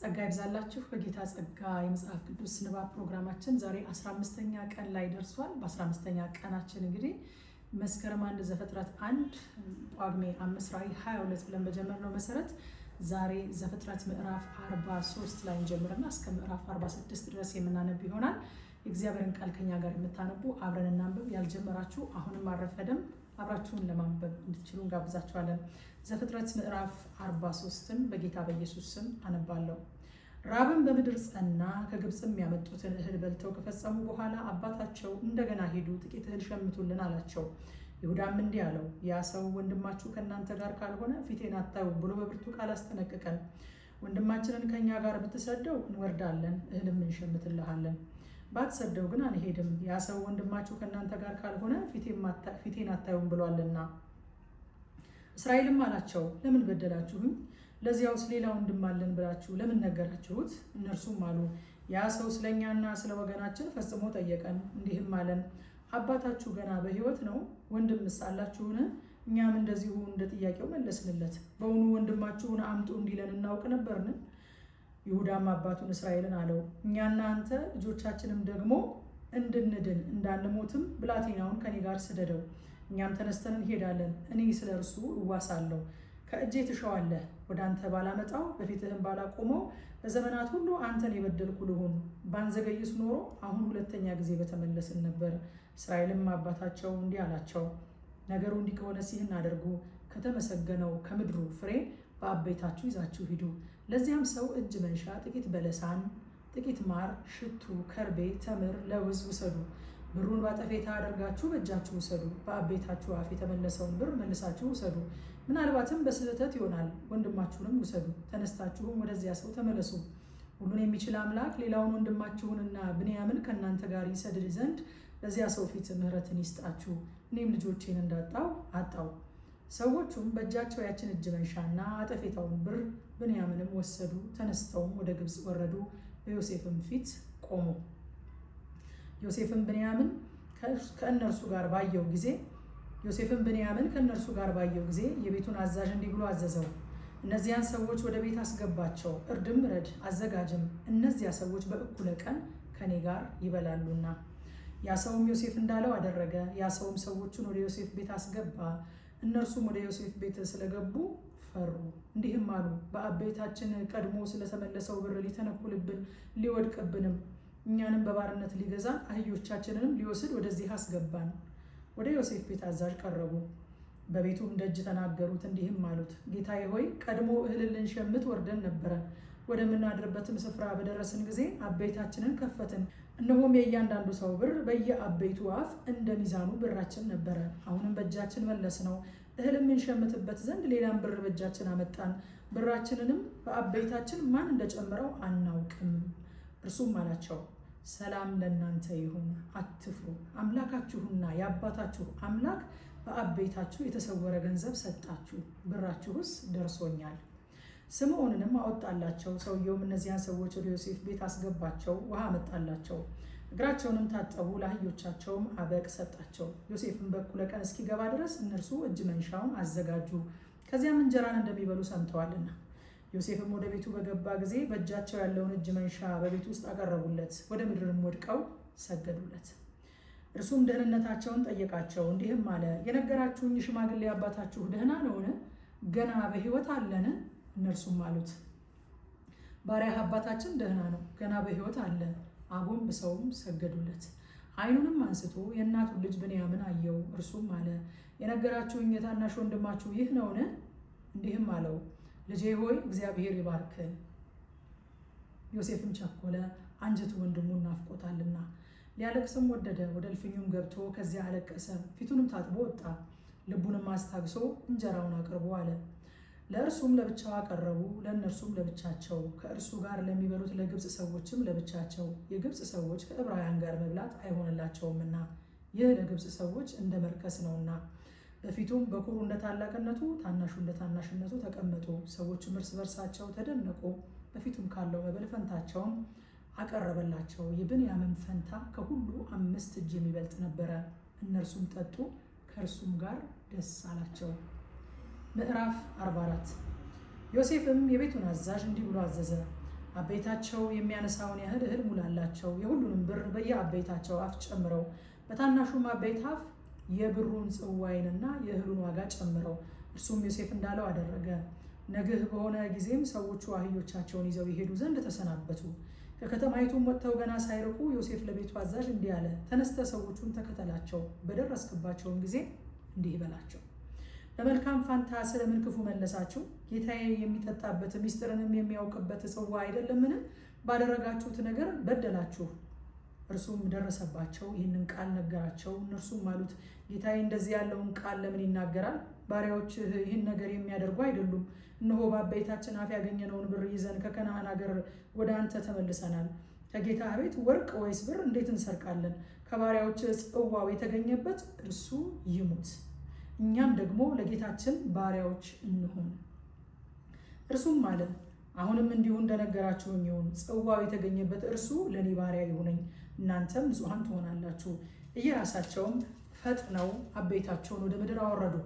ጸጋ ይብዛላችሁ በጌታ ጸጋ የመጽሐፍ ቅዱስ ንባብ ፕሮግራማችን ዛሬ 15ኛ ቀን ላይ ደርሷል። በ15ኛ ቀናችን እንግዲህ መስከረም አንድ ዘፍጥረት አንድ ጳጉሜ አምስት ራዕይ 22 ብለን በጀመርነው መሰረት ዛሬ ዘፍጥረት ምዕራፍ 43 ላይ እንጀምርና እስከ ምዕራፍ 46 ድረስ የምናነብ ይሆናል። የእግዚአብሔርን ቃል ከኛ ጋር የምታነቡ አብረን እናንብብ። ያልጀመራችሁ አሁንም አረፈደም አብራችሁን ለማንበብ እንድትችሉ እንጋብዛችኋለን። ዘፍጥረት ምዕራፍ 43ን በጌታ በኢየሱስ ስም አነባለሁ። ራብን በምድር ጸና። ከግብፅም ያመጡትን እህል በልተው ከፈጸሙ በኋላ አባታቸው እንደገና ሂዱ፣ ጥቂት እህል ሸምቱልን አላቸው። ይሁዳም እንዲህ አለው፣ ያ ሰው ወንድማችሁ ከእናንተ ጋር ካልሆነ ፊቴን አታዩ ብሎ በብርቱ ቃል አስጠነቅቀን። ወንድማችንን ከእኛ ጋር ብትሰደው እንወርዳለን፣ እህልም እንሸምትልሃለን ባትሰደው ግን አልሄድም፣ ያ ሰው ወንድማችሁ ከእናንተ ጋር ካልሆነ ፊቴን አታዩም ብሏልና። እስራኤልም አላቸው ለምን በደላችሁኝ? ለዚያውስ ሌላ ወንድም አለን ብላችሁ ለምን ነገራችሁት? እነርሱም አሉ ያ ሰው ስለእኛና ስለ ወገናችን ፈጽሞ ጠየቀን፣ እንዲህም አለን አባታችሁ ገና በሕይወት ነው? ወንድምስ አላችሁን? እኛም እንደዚሁ እንደ ጥያቄው መለስንለት። በውኑ ወንድማችሁን አምጡ እንዲለን እናውቅ ነበርን? ይሁዳም አባቱን እስራኤልን አለው እኛና አንተ ልጆቻችንም ደግሞ እንድንድን እንዳንሞትም ብላቴናውን ከኔ ጋር ስደደው፣ እኛም ተነስተን እንሄዳለን። እኔ ስለ እርሱ እዋሳለሁ፣ ከእጄ ትሸዋለህ። ወደ አንተ ባላመጣው በፊትህም ባላቆመው በዘመናት ሁሉ አንተን የበደልኩ ልሆን ባንዘገይስ ኖሮ አሁን ሁለተኛ ጊዜ በተመለስን ነበር። እስራኤልም አባታቸው እንዲህ አላቸው፣ ነገሩ እንዲህ ከሆነ ሲህን አድርጉ፣ ከተመሰገነው ከምድሩ ፍሬ በአቤታችሁ ይዛችሁ ሂዱ ለዚያም ሰው እጅ መንሻ ጥቂት በለሳን፣ ጥቂት ማር፣ ሽቱ፣ ከርቤ፣ ተምር፣ ለውዝ ውሰዱ። ብሩን ባጠፌታ አድርጋችሁ በእጃችሁ ውሰዱ። በአቤታችሁ አፍ የተመለሰውን ብር መልሳችሁ ውሰዱ። ምናልባትም በስህተት ይሆናል። ወንድማችሁንም ውሰዱ። ተነስታችሁም ወደዚያ ሰው ተመለሱ። ሁሉን የሚችል አምላክ ሌላውን ወንድማችሁንና ብንያምን ከእናንተ ጋር ይሰድድ ዘንድ ለዚያ ሰው ፊት ምሕረትን ይስጣችሁ። እኔም ልጆቼን እንዳጣው አጣው። ሰዎቹም በእጃቸው ያችን እጅ መንሻና አጠፌታውን ብር ብንያምንም ወሰዱ። ተነስተውም ወደ ግብፅ ወረዱ፣ በዮሴፍም ፊት ቆሙ። ዮሴፍን ብንያምን ከእነርሱ ጋር ባየው ጊዜ ዮሴፍም ብንያምን ከእነርሱ ጋር ባየው ጊዜ የቤቱን አዛዥ እንዲህ ብሎ አዘዘው፣ እነዚያን ሰዎች ወደ ቤት አስገባቸው፣ እርድም ረድ አዘጋጅም፣ እነዚያ ሰዎች በእኩለ ቀን ከኔ ጋር ይበላሉና። ያ ሰውም ዮሴፍ እንዳለው አደረገ። ያ ሰውም ሰዎቹን ወደ ዮሴፍ ቤት አስገባ። እነርሱም ወደ ዮሴፍ ቤት ስለገቡ ፈሩ፣ እንዲህም አሉ፣ በአቤታችን ቀድሞ ስለተመለሰው ብር ሊተነኩልብን ሊወድቅብንም እኛንም በባርነት ሊገዛን አህዮቻችንንም ሊወስድ ወደዚህ አስገባን። ወደ ዮሴፍ ቤት አዛዥ ቀረቡ፣ በቤቱም ደጅ ተናገሩት፣ እንዲህም አሉት፣ ጌታዬ ሆይ ቀድሞ እህል ልንሸምት ወርደን ነበረ። ወደምናድርበትም ስፍራ በደረስን ጊዜ አቤታችንን ከፈትን እነሆም የእያንዳንዱ ሰው ብር በየአበይቱ አፍ እንደ ሚዛኑ ብራችን ነበረ። አሁንም በእጃችን መለስ ነው። እህል የምንሸምትበት ዘንድ ሌላም ብር በእጃችን አመጣን። ብራችንንም በአበይታችን ማን እንደጨምረው አናውቅም። እርሱም አላቸው፣ ሰላም ለእናንተ ይሁን፣ አትፍሩ። አምላካችሁና የአባታችሁ አምላክ በአበይታችሁ የተሰወረ ገንዘብ ሰጣችሁ፣ ብራችሁስ ደርሶኛል። ስምዖንንም አወጣላቸው። ሰውየውም እነዚያን ሰዎች ወደ ዮሴፍ ቤት አስገባቸው፣ ውሃ አመጣላቸው፣ እግራቸውንም ታጠቡ፣ ለአህዮቻቸውም አበቅ ሰጣቸው። ዮሴፍም በኩለ ቀን እስኪገባ ድረስ እነርሱ እጅ መንሻውን አዘጋጁ፣ ከዚያም እንጀራን እንደሚበሉ ሰምተዋልና። ዮሴፍም ወደ ቤቱ በገባ ጊዜ በእጃቸው ያለውን እጅ መንሻ በቤት ውስጥ አቀረቡለት፣ ወደ ምድርም ወድቀው ሰገዱለት። እርሱም ደህንነታቸውን ጠየቃቸው፣ እንዲህም አለ፦ የነገራችሁኝ ሽማግሌ አባታችሁ ደህና ነውን? ገና በሕይወት አለን? እነርሱም አሉት ባሪያ አባታችን ደህና ነው፣ ገና በሕይወት አለ። አጎንብሰውም ሰገዱለት። ዓይኑንም አንስቶ የእናቱን ልጅ ብንያምን አየው። እርሱም አለ የነገራችሁ የታናሽ ወንድማችሁ ይህ ነውን? እንዲህም አለው ልጄ ሆይ እግዚአብሔር ይባርክ። ዮሴፍም ቸኮለ፣ አንጀቱ ወንድሙን ናፍቆታልና። ሊያለቅስም ወደደ። ወደ እልፍኙም ገብቶ ከዚያ አለቀሰ። ፊቱንም ታጥቦ ወጣ። ልቡንም አስታግሶ እንጀራውን አቅርቦ አለ ለእርሱም ለብቻው አቀረቡ፣ ለእነርሱም ለብቻቸው፣ ከእርሱ ጋር ለሚበሉት ለግብፅ ሰዎችም ለብቻቸው። የግብፅ ሰዎች ከዕብራውያን ጋር መብላት አይሆንላቸውምና ይህ ለግብፅ ሰዎች እንደ መርከስ ነውና። በፊቱም በኩሩ እንደ ታላቅነቱ፣ ታናሹ እንደ ታናሽነቱ ተቀመጡ። ሰዎችም እርስ በርሳቸው ተደነቁ። በፊቱም ካለው መብል ፈንታቸውም አቀረበላቸው። የብንያምን ፈንታ ከሁሉ አምስት እጅ የሚበልጥ ነበረ። እነርሱም ጠጡ፣ ከእርሱም ጋር ደስ አላቸው። ምዕራፍ 44 ዮሴፍም የቤቱን አዛዥ እንዲህ ብሎ አዘዘ። አበይታቸው የሚያነሳውን ያህል እህል ሙላላቸው። የሁሉንም ብር በየአበይታቸው አፍ ጨምረው፣ በታናሹም አበይት አፍ የብሩን ጽዋይንና የእህሉን ዋጋ ጨምረው። እርሱም ዮሴፍ እንዳለው አደረገ። ነግህ በሆነ ጊዜም ሰዎቹ አህዮቻቸውን ይዘው ይሄዱ ዘንድ ተሰናበቱ። ከከተማይቱም ወጥተው ገና ሳይርቁ ዮሴፍ ለቤቱ አዛዥ እንዲህ አለ፣ ተነስተ ሰዎቹን ተከተላቸው፣ በደረስክባቸውም ጊዜ እንዲህ በላቸው በመልካም ፋንታ ስለምን ክፉ መለሳችሁ? ጌታዬ የሚጠጣበት ሚስጥርንም የሚያውቅበት ጽዋ አይደለምን? ባደረጋችሁት ነገር በደላችሁ። እርሱም ደረሰባቸው፣ ይህንን ቃል ነገራቸው። እነርሱም አሉት ጌታዬ እንደዚህ ያለውን ቃል ለምን ይናገራል? ባሪያዎች ይህን ነገር የሚያደርጉ አይደሉም። እነሆ በአባታችን አፍ ያገኘነውን ብር ይዘን ከከነዓን አገር ወደ አንተ ተመልሰናል። ከጌታ ቤት ወርቅ ወይስ ብር እንዴት እንሰርቃለን? ከባሪያዎች ጽዋው የተገኘበት እርሱ ይሙት። እኛም ደግሞ ለጌታችን ባሪያዎች እንሁን። እርሱም አለ አሁንም እንዲሁ እንደነገራችሁኝ ይሁን፣ ጽዋው የተገኘበት እርሱ ለእኔ ባሪያ ይሁነኝ፣ እናንተም ንጹሐን ትሆናላችሁ። እየራሳቸውም ፈጥነው አቤታቸውን ወደ ምድር አወረዱ።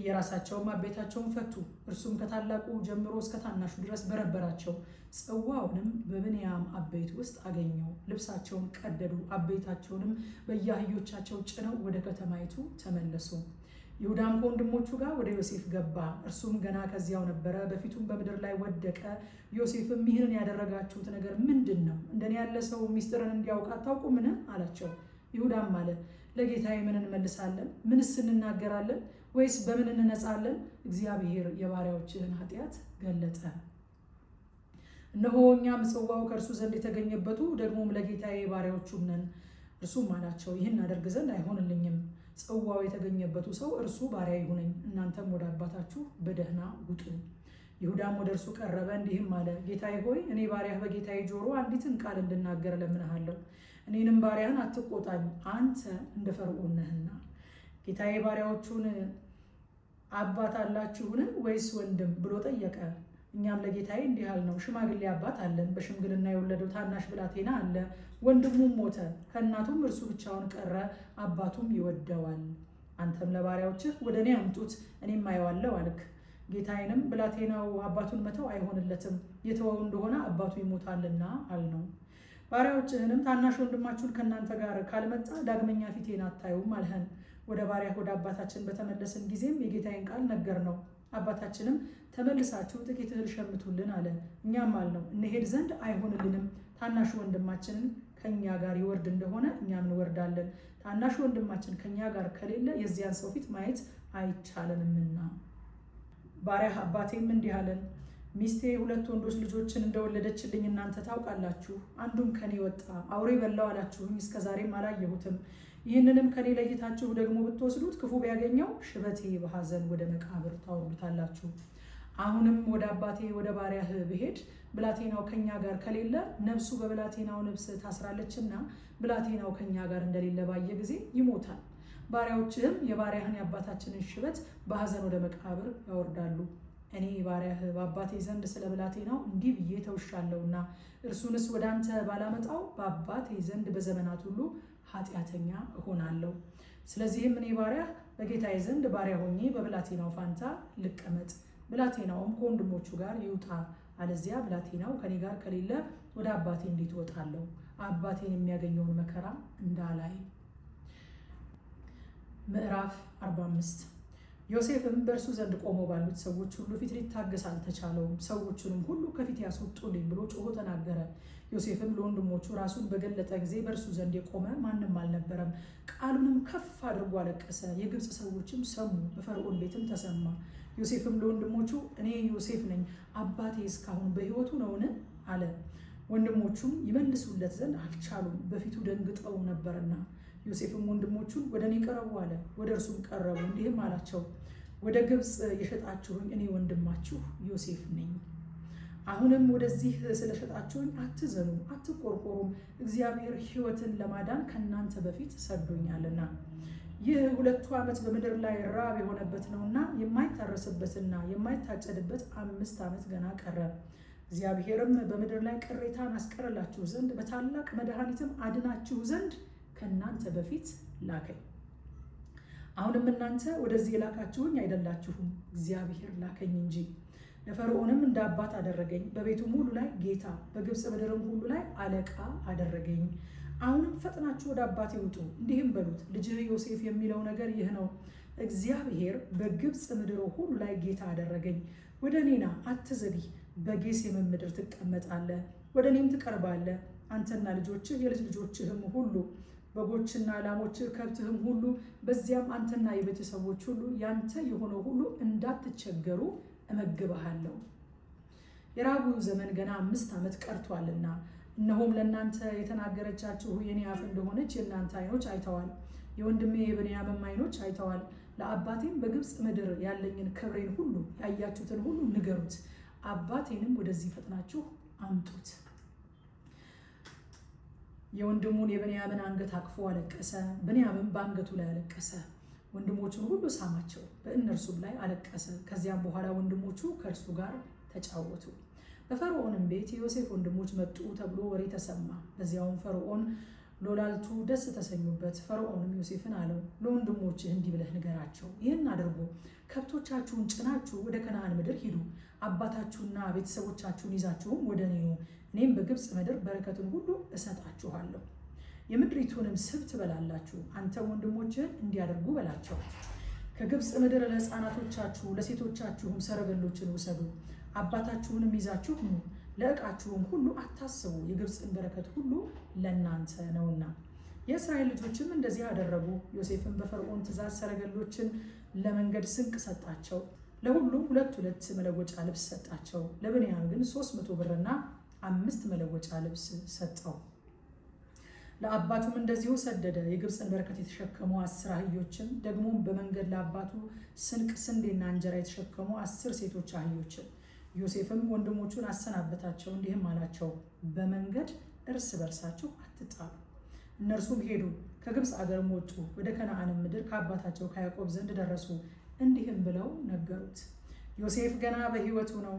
እየራሳቸውም አቤታቸውን ፈቱ። እርሱም ከታላቁ ጀምሮ እስከ ታናሹ ድረስ በረበራቸው። ጽዋውንም በብንያም አቤት ውስጥ አገኘው። ልብሳቸውን ቀደዱ። አቤታቸውንም በየአህዮቻቸው ጭነው ወደ ከተማይቱ ተመለሱ። ይሁዳም ከወንድሞቹ ጋር ወደ ዮሴፍ ገባ፣ እርሱም ገና ከዚያው ነበረ፣ በፊቱም በምድር ላይ ወደቀ። ዮሴፍም ይህንን ያደረጋችሁት ነገር ምንድን ነው? እንደኔ ያለ ሰው ሚስጥርን እንዲያውቅ አታውቁምን? አላቸው። ይሁዳም አለ፣ ለጌታዬ ምን እንመልሳለን? ምንስ እንናገራለን? ወይስ በምን እንነጻለን? እግዚአብሔር የባሪያዎችህን ኃጢአት ገለጠ። እነሆ እኛ ምጽዋው ከእርሱ ዘንድ የተገኘበቱ ደግሞም ለጌታዬ ባሪያዎቹም ነን። እርሱም አላቸው፣ ይህን አደርግ ዘንድ አይሆንልኝም ጽዋው የተገኘበቱ ሰው እርሱ ባሪያ ይሁነኝ፣ እናንተም ወደ አባታችሁ በደህና ውጡ። ይሁዳም ወደ እርሱ ቀረበ እንዲህም አለ፣ ጌታዬ ሆይ እኔ ባሪያህ በጌታዬ ጆሮ አንዲትን ቃል እንድናገር እለምንሃለሁ። እኔንም ባሪያህን አትቆጣኝ፣ አንተ እንደ ፈርዖን ነህና። ጌታዬ ባሪያዎቹን አባት አላችሁን ወይስ ወንድም ብሎ ጠየቀ። እኛም ለጌታዬ እንዲህ አልነው፣ ሽማግሌ አባት አለን፣ በሽምግልና የወለደው ታናሽ ብላቴና አለ። ወንድሙም ሞተ፣ ከእናቱም እርሱ ብቻውን ቀረ፣ አባቱም ይወደዋል። አንተም ለባሪያዎችህ ወደ እኔ አምጡት፣ እኔም አየዋለሁ አልክ። ጌታዬንም ብላቴናው አባቱን መተው አይሆንለትም፣ የተወው እንደሆነ አባቱ ይሞታልና አልነው። ባሪያዎችህንም ታናሽ ወንድማችሁን ከእናንተ ጋር ካልመጣ ዳግመኛ ፊቴን አታዩም አልህን። ወደ ባሪያህ ወደ አባታችን በተመለስን ጊዜም የጌታዬን ቃል ነገር ነው አባታችንም ተመልሳችሁ ጥቂት እህል ሸምቱልን አለ። እኛም አልነው እንሄድ ዘንድ አይሆንልንም፣ ታናሹ ወንድማችንን ከኛ ጋር ይወርድ እንደሆነ እኛም እንወርዳለን። ታናሹ ወንድማችን ከኛ ጋር ከሌለ የዚያን ሰው ፊት ማየት አይቻለንምና። ባሪያህ አባቴም እንዲህ አለን፣ ሚስቴ ሁለት ወንዶች ልጆችን እንደወለደችልኝ እናንተ ታውቃላችሁ። አንዱም ከኔ ወጣ፣ አውሬ በላው አላችሁኝ፣ እስከዛሬም አላየሁትም። ይህንንም ከኔ ለይታችሁ ደግሞ ብትወስዱት ክፉ ቢያገኘው ሽበቴ በሐዘን ወደ መቃብር ታወርዱታላችሁ። አሁንም ወደ አባቴ ወደ ባሪያህ ብሄድ ብላቴናው ከኛ ጋር ከሌለ ነብሱ በብላቴናው ነፍስ ታስራለችና ብላቴናው ከኛ ጋር እንደሌለ ባየ ጊዜ ይሞታል። ባሪያዎችህም የባሪያህን የአባታችንን ሽበት በሐዘን ወደ መቃብር ያወርዳሉ። እኔ ባሪያህ በአባቴ ዘንድ ስለ ብላቴናው እንዲህ ብዬ ተውሻለሁና እርሱንስ ወደ አንተ ባላመጣው በአባቴ ዘንድ በዘመናት ሁሉ ኃጢአተኛ እሆናለሁ። ስለዚህም እኔ ባሪያ በጌታዬ ዘንድ ባሪያ ሆኜ በብላቴናው ፋንታ ልቀመጥ፣ ብላቴናውም ከወንድሞቹ ጋር ይውጣ። አለዚያ ብላቴናው ከኔ ጋር ከሌለ ወደ አባቴ እንዴት እወጣለሁ? አባቴን የሚያገኘውን መከራ እንዳላይ። ምዕራፍ 45 ዮሴፍም በእርሱ ዘንድ ቆመው ባሉት ሰዎች ሁሉ ፊት ሊታገስ አልተቻለውም። ሰዎቹንም ሁሉ ከፊት ያስወጡልኝ ብሎ ጮሆ ተናገረ። ዮሴፍም ለወንድሞቹ ራሱን በገለጠ ጊዜ በእርሱ ዘንድ የቆመ ማንም አልነበረም። ቃሉንም ከፍ አድርጎ አለቀሰ። የግብፅ ሰዎችም ሰሙ፣ በፈርዖን ቤትም ተሰማ። ዮሴፍም ለወንድሞቹ እኔ ዮሴፍ ነኝ፣ አባቴ እስካሁን በሕይወቱ ነውን? አለ። ወንድሞቹም ይመልሱለት ዘንድ አልቻሉም፣ በፊቱ ደንግጠው ነበርና ዮሴፍም ወንድሞቹን ወደ እኔ ቀረቡ አለ። ወደ እርሱም ቀረቡ እንዲህም አላቸው፣ ወደ ግብፅ የሸጣችሁኝ እኔ ወንድማችሁ ዮሴፍ ነኝ። አሁንም ወደዚህ ስለሸጣችሁኝ አትዘኑ፣ አትቆርቆሩም፤ እግዚአብሔር ሕይወትን ለማዳን ከእናንተ በፊት ሰዶኛልና። ይህ ሁለቱ ዓመት በምድር ላይ ራብ የሆነበት ነውና የማይታረስበትና የማይታጨድበት አምስት ዓመት ገና ቀረ። እግዚአብሔርም በምድር ላይ ቅሬታን አስቀረላችሁ ዘንድ በታላቅ መድኃኒትም አድናችሁ ዘንድ ከእናንተ በፊት ላከኝ። አሁንም እናንተ ወደዚህ የላካችሁኝ አይደላችሁም፣ እግዚአብሔር ላከኝ እንጂ። ለፈርዖንም እንደ አባት አደረገኝ፣ በቤቱም ሁሉ ላይ ጌታ፣ በግብፅ ምድርም ሁሉ ላይ አለቃ አደረገኝ። አሁንም ፈጥናችሁ ወደ አባቴ ውጡ፣ እንዲህም በሉት፣ ልጅህ ዮሴፍ የሚለው ነገር ይህ ነው፣ እግዚአብሔር በግብፅ ምድር ሁሉ ላይ ጌታ አደረገኝ። ወደ እኔና አትዘግይ፣ በጌሤም ምድር ትቀመጣለህ፣ ወደ እኔም ትቀርባለህ፣ አንተና ልጆችህ፣ የልጅ ልጆችህም ሁሉ በጎችና ላሞች ከብትህም ሁሉ በዚያም አንተና የቤተሰቦች ሁሉ ያንተ የሆነ ሁሉ እንዳትቸገሩ እመግብሃለሁ። የራቡ ዘመን ገና አምስት ዓመት ቀርቷልና እነሆም ለእናንተ የተናገረቻችሁ የኔ አፍ እንደሆነች የእናንተ ዓይኖች አይተዋል፣ የወንድሜ የብንያምም ዓይኖች አይተዋል። ለአባቴም በግብፅ ምድር ያለኝን ክብሬን ሁሉ ያያችሁትን ሁሉ ንገሩት፣ አባቴንም ወደዚህ ፈጥናችሁ አምጡት። የወንድሙን የብንያምን አንገት አቅፎ አለቀሰ። ብንያምን በአንገቱ ላይ አለቀሰ። ወንድሞቹን ሁሉ ሳማቸው፣ በእነርሱም ላይ አለቀሰ። ከዚያም በኋላ ወንድሞቹ ከእርሱ ጋር ተጫወቱ። በፈርዖንም ቤት የዮሴፍ ወንድሞች መጡ ተብሎ ወሬ ተሰማ። በዚያውም ፈርዖን ሎላልቱ ደስ ተሰኙበት። ፈርዖንም ዮሴፍን አለው፣ ለወንድሞችህ እንዲህ ብለህ ንገራቸው፣ ይህን አድርጎ ከብቶቻችሁን ጭናችሁ ወደ ከነዓን ምድር ሂዱ፣ አባታችሁና ቤተሰቦቻችሁን ይዛችሁም ወደ እኔ ኑ፣ እኔም በግብፅ ምድር በረከትን ሁሉ እሰጣችኋለሁ፣ የምድሪቱንም ስብ ትበላላችሁ። አንተ ወንድሞችህን እንዲያደርጉ በላቸው። ከግብፅ ምድር ለሕፃናቶቻችሁ ለሴቶቻችሁም ሰረገሎችን ውሰዱ፣ አባታችሁንም ይዛችሁ ሁኑ። ለዕቃችሁም ሁሉ አታስቡ፣ የግብፅን በረከት ሁሉ ለእናንተ ነውና። የእስራኤል ልጆችም እንደዚህ አደረጉ። ዮሴፍን በፈርዖን ትእዛዝ ሰረገሎችን ለመንገድ ስንቅ ሰጣቸው። ለሁሉም ሁለት ሁለት መለወጫ ልብስ ሰጣቸው። ለብንያም ግን ሶስት መቶ ብርና አምስት መለወጫ ልብስ ሰጠው። ለአባቱም እንደዚሁ ሰደደ። የግብፅን በረከት የተሸከሙ አስር አህዮችን ደግሞ በመንገድ ለአባቱ ስንቅ፣ ስንዴና እንጀራ የተሸከሙ አስር ሴቶች አህዮችን። ዮሴፍም ወንድሞቹን አሰናበታቸው፣ እንዲህም አላቸው፣ በመንገድ እርስ በርሳችሁ አትጣሉ። እነርሱም ሄዱ፣ ከግብፅ አገርም ወጡ። ወደ ከነዓንም ምድር ከአባታቸው ከያዕቆብ ዘንድ ደረሱ። እንዲህም ብለው ነገሩት፣ ዮሴፍ ገና በሕይወቱ ነው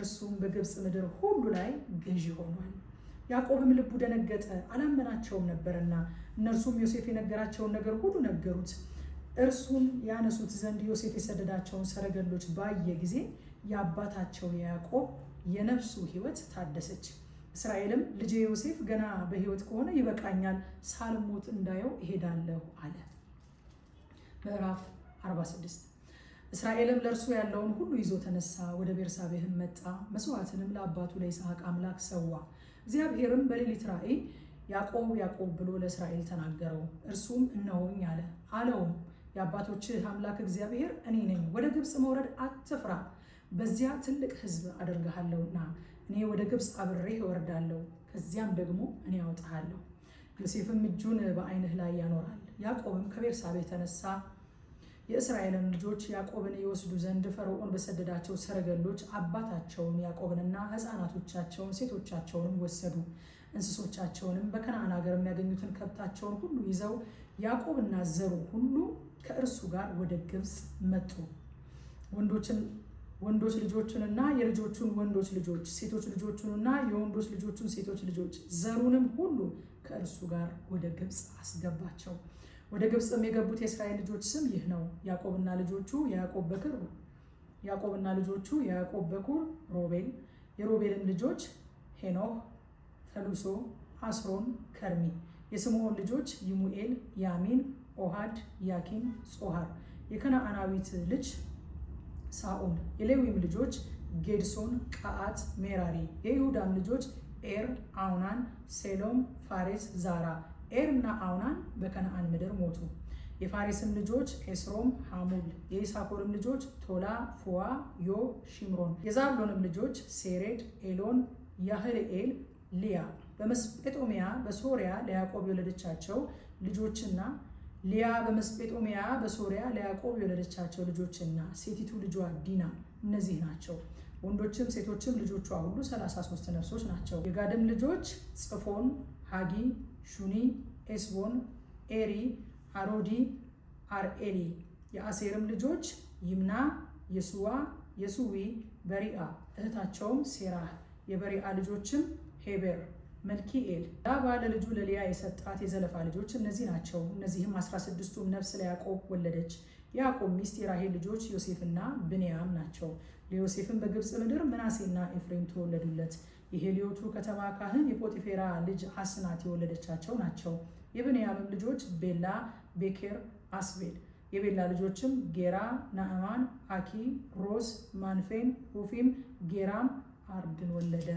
እርሱም በግብፅ ምድር ሁሉ ላይ ገዢ ሆኗል። ያዕቆብም ልቡ ደነገጠ፣ አላመናቸውም ነበርና። እነርሱም ዮሴፍ የነገራቸውን ነገር ሁሉ ነገሩት። እርሱን ያነሱት ዘንድ ዮሴፍ የሰደዳቸውን ሰረገሎች ባየ ጊዜ የአባታቸው የያዕቆብ የነፍሱ ሕይወት ታደሰች። እስራኤልም ልጄ ዮሴፍ ገና በሕይወት ከሆነ ይበቃኛል፣ ሳልሞት እንዳየው እሄዳለሁ አለ። ምዕራፍ 46 እስራኤልም ለእርሱ ያለውን ሁሉ ይዞ ተነሳ፣ ወደ ቤርሳቤህም መጣ። መስዋዕትንም ለአባቱ ለይስሐቅ አምላክ ሰዋ። እግዚአብሔርም በሌሊት ራእይ ያዕቆብ ያዕቆብ ብሎ ለእስራኤል ተናገረው። እርሱም እነሆኝ አለ። አለውም የአባቶችህ አምላክ እግዚአብሔር እኔ ነኝ። ወደ ግብፅ መውረድ አትፍራ፣ በዚያ ትልቅ ሕዝብ አደርግሃለሁና እኔ ወደ ግብፅ አብሬህ እወርዳለሁ፣ ከዚያም ደግሞ እኔ አውጥሃለሁ። ዮሴፍም እጁን በዓይንህ ላይ ያኖራል። ያዕቆብም ከቤርሳቤህ ተነሳ የእስራኤልን ልጆች ያዕቆብን ይወስዱ ዘንድ ፈርዖን በሰደዳቸው ሰረገሎች አባታቸውን ያዕቆብንና ሕፃናቶቻቸውን ሴቶቻቸውንም ወሰዱ። እንስሶቻቸውንም በከነዓን ሀገር የሚያገኙትን ከብታቸውን ሁሉ ይዘው ያዕቆብና ዘሩ ሁሉ ከእርሱ ጋር ወደ ግብፅ መጡ። ወንዶች ልጆቹንና የልጆቹን ወንዶች ልጆች፣ ሴቶች ልጆቹንና የወንዶች ልጆቹን ሴቶች ልጆች፣ ዘሩንም ሁሉ ከእርሱ ጋር ወደ ግብፅ አስገባቸው። ወደ ግብፅም የገቡት የእስራኤል ልጆች ስም ይህ ነው። ያዕቆብና ልጆቹ የያዕቆብ በክር ያዕቆብና ልጆቹ የያዕቆብ በኩር ሮቤል፣ የሮቤልም ልጆች ሄኖህ፣ ፈሉሶ፣ አስሮን፣ ከርሚ። የስምዖን ልጆች ይሙኤል፣ ያሚን፣ ኦሃድ፣ ያኪን፣ ጾሃር። የከነአናዊት ልጅ ሳኦል። የሌዊም ልጆች ጌድሶን፣ ቀአት፣ ሜራሪ። የይሁዳም ልጆች ኤር፣ አውናን፣ ሴሎም፣ ፋሬስ፣ ዛራ ኤርና አውናን በከነአን ምድር ሞቱ። የፋሬስም ልጆች ኤስሮም፣ ሐሙል፣ የኢሳኮርም ልጆች ቶላ፣ ፉዋ፣ ዮ፣ ሺምሮን፣ የዛብሎንም ልጆች ሴሬድ፣ ኤሎን፣ ያህልኤል፣ ሊያ በመስጴጦሚያ በሶሪያ ለያዕቆብ የወለደቻቸው ልጆችና ሊያ በመስጴጦሚያ በሶሪያ ለያዕቆብ የወለደቻቸው ልጆችና ሴቲቱ ልጇ ዲና እነዚህ ናቸው። ወንዶችም ሴቶችም ልጆቿ ሁሉ 33 ነፍሶች ናቸው። የጋድም ልጆች ጽፎን፣ ሀጊ ሹኒ፣ ኤስቦን፣ ኤሪ፣ አሮዲ፣ አርኤሊ የአሴርም ልጆች ይምና፣ የሱዋ፣ የሱዊ፣ በሪአ እህታቸውም ሴራህ የበሪአ ልጆችም ሄቤር፣ መልኪኤል ላባ ለልጁ ለልያ የሰጣት የዘለፋ ልጆች እነዚህ ናቸው። እነዚህም አስራ ስድስቱም ነፍስ ለያዕቆብ ወለደች። ያዕቆብ ሚስት የራሄል ልጆች ዮሴፍና ብንያም ናቸው። ለዮሴፍም በግብፅ ምድር ምናሴና ኤፍሬም ተወለዱለት። የሄሊዮቱ ከተማ ካህን የፖቲፌራ ልጅ አስናት የወለደቻቸው ናቸው። የብንያምም ልጆች ቤላ፣ ቤኬር፣ አስቤል። የቤላ ልጆችም ጌራ፣ ናዕማን፣ አኪ፣ ሮስ፣ ማንፌን፣ ሁፊም። ጌራም አርድን ወለደ።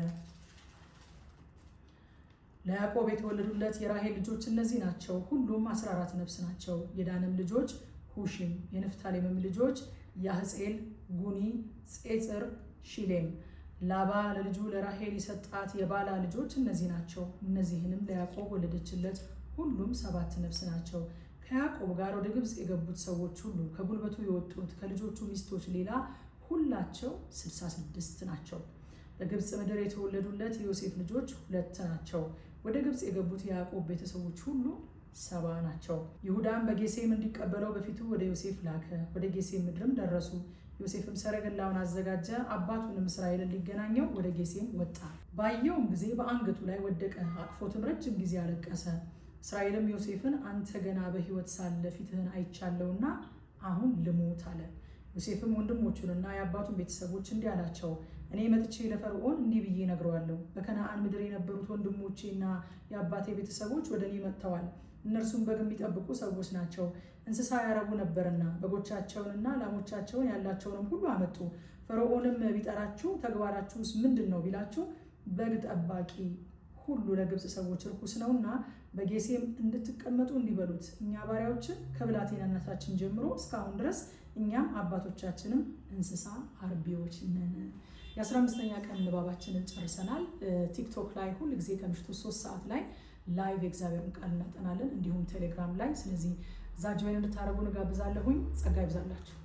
ለያዕቆብ የተወለዱለት የራሄል ልጆች እነዚህ ናቸው። ሁሉም 14 ነፍስ ናቸው። የዳንም ልጆች ሁሺም፣ የንፍታሌምም ልጆች ያህጼል፣ ጉኒ፣ ጼጽር፣ ሺሌም ላባ ለልጁ ለራሄል የሰጣት የባላ ልጆች እነዚህ ናቸው። እነዚህንም ለያዕቆብ ወለደችለት። ሁሉም ሰባት ነፍስ ናቸው። ከያዕቆብ ጋር ወደ ግብፅ የገቡት ሰዎች ሁሉ ከጉልበቱ የወጡት ከልጆቹ ሚስቶች ሌላ ሁላቸው ስልሳ ስድስት ናቸው። በግብፅ ምድር የተወለዱለት የዮሴፍ ልጆች ሁለት ናቸው። ወደ ግብፅ የገቡት የያዕቆብ ቤተሰቦች ሁሉ ሰባ ናቸው። ይሁዳም በጌሴም እንዲቀበለው በፊቱ ወደ ዮሴፍ ላከ። ወደ ጌሴም ምድርም ደረሱ። ዮሴፍም ሰረገላውን አዘጋጀ፣ አባቱንም እስራኤልን ሊገናኘው ወደ ጌሴም ወጣ። ባየውም ጊዜ በአንገቱ ላይ ወደቀ፣ አቅፎትም ረጅም ጊዜ አለቀሰ። እስራኤልም ዮሴፍን አንተ ገና በሕይወት ሳለ ፊትህን አይቻለውና አሁን ልሞት አለ። ዮሴፍም ወንድሞቹንና የአባቱን ቤተሰቦች እንዲህ አላቸው፣ እኔ መጥቼ ለፈርዖን እንዲህ ብዬ ነግረዋለሁ፣ በከነአን ምድር የነበሩት ወንድሞቼና የአባቴ ቤተሰቦች ወደ እኔ መጥተዋል እነርሱም በግ የሚጠብቁ ሰዎች ናቸው። እንስሳ ያረቡ ነበርና በጎቻቸውንና ላሞቻቸውን ያላቸውንም ሁሉ አመጡ። ፈርዖንም ቢጠራችሁ ተግባራችሁስ ምንድን ነው ቢላችሁ በግ ጠባቂ ሁሉ ለግብፅ ሰዎች ርኩስ ነውና በጌሴም እንድትቀመጡ እንዲበሉት እኛ ባሪያዎችን ከብላቴናነታችን ጀምሮ እስካሁን ድረስ እኛም አባቶቻችንም እንስሳ አርቢዎች ነን። የ15ኛ ቀን ንባባችንን ጨርሰናል። ቲክቶክ ላይ ሁል ጊዜ ከምሽቱ ሶስት ሰዓት ላይ ላይቭ የእግዚአብሔርን ቃል እናጠናለን፣ እንዲሁም ቴሌግራም ላይ። ስለዚህ እዛ ጆይን እንድታደርጉ እንጋብዛለሁኝ። ጸጋ ይብዛላችሁ።